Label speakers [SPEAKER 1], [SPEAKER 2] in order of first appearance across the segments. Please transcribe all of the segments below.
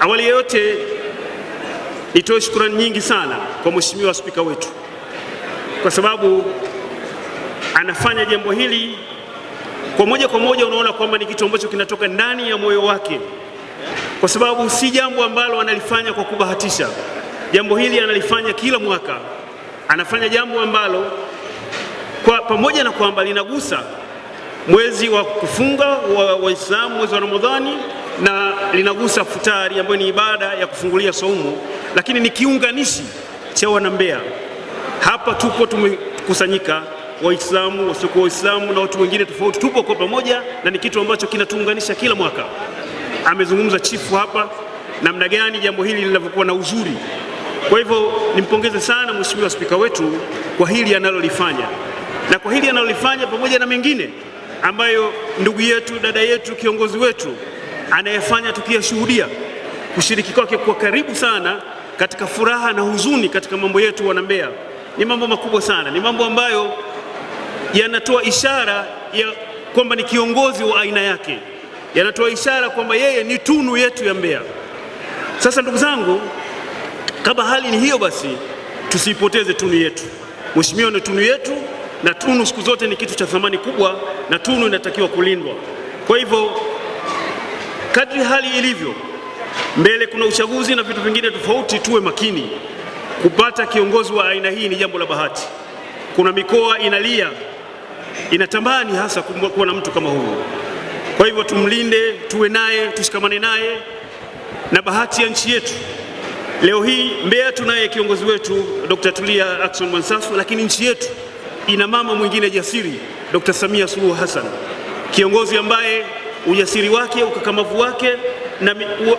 [SPEAKER 1] Awali yote nitoe shukrani nyingi sana kwa mheshimiwa spika wetu kwa sababu anafanya jambo hili kwa moja kwa moja, unaona kwamba ni kitu ambacho kinatoka ndani ya moyo wake, kwa sababu si jambo ambalo analifanya kwa kubahatisha. Jambo hili analifanya kila mwaka, anafanya jambo ambalo kwa pamoja na kwamba linagusa mwezi wa kufunga wa Waislamu, mwezi wa Ramadhani, na linagusa futari ambayo ni ibada ya kufungulia saumu, lakini ni kiunganishi cha wanambea Hapa tupo tumekusanyika Waislamu, wasiokuwa Waislamu na watu wengine tofauti, tupo kwa pamoja na ni kitu ambacho kinatuunganisha kila mwaka. Amezungumza chifu hapa namna gani jambo hili linavyokuwa na uzuri. Kwa hivyo nimpongeze sana Mheshimiwa Spika wetu kwa hili analolifanya, na kwa hili analolifanya pamoja na mengine ambayo ndugu yetu, dada yetu, kiongozi wetu anayefanya tukiyashuhudia kushiriki kwake kwa karibu sana katika furaha na huzuni katika mambo yetu wana Mbeya, ni mambo makubwa sana, ni mambo ambayo yanatoa ishara ya kwamba ni kiongozi wa aina yake, yanatoa ishara kwamba yeye ni tunu yetu ya Mbeya. Sasa ndugu zangu, kama hali ni hiyo, basi tusiipoteze tunu yetu. Mheshimiwa ni tunu yetu, na tunu siku zote ni kitu cha thamani kubwa, na tunu inatakiwa kulindwa. Kwa hivyo kadri hali ilivyo mbele, kuna uchaguzi na vitu vingine tofauti, tuwe makini. Kupata kiongozi wa aina hii ni jambo la bahati. Kuna mikoa inalia inatamani hasa kuwa na mtu kama huyu. Kwa hivyo tumlinde, tuwe naye, tushikamane naye na bahati ya nchi yetu. Leo hii Mbeya tunaye kiongozi wetu Dr. Tulia Ackson Mwansasu, lakini nchi yetu ina mama mwingine jasiri, Dr. Samia Suluhu Hassan, kiongozi ambaye ujasiri wake, ukakamavu wake na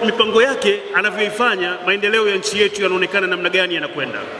[SPEAKER 1] mipango yake anavyoifanya, maendeleo ya nchi yetu yanaonekana namna gani yanakwenda.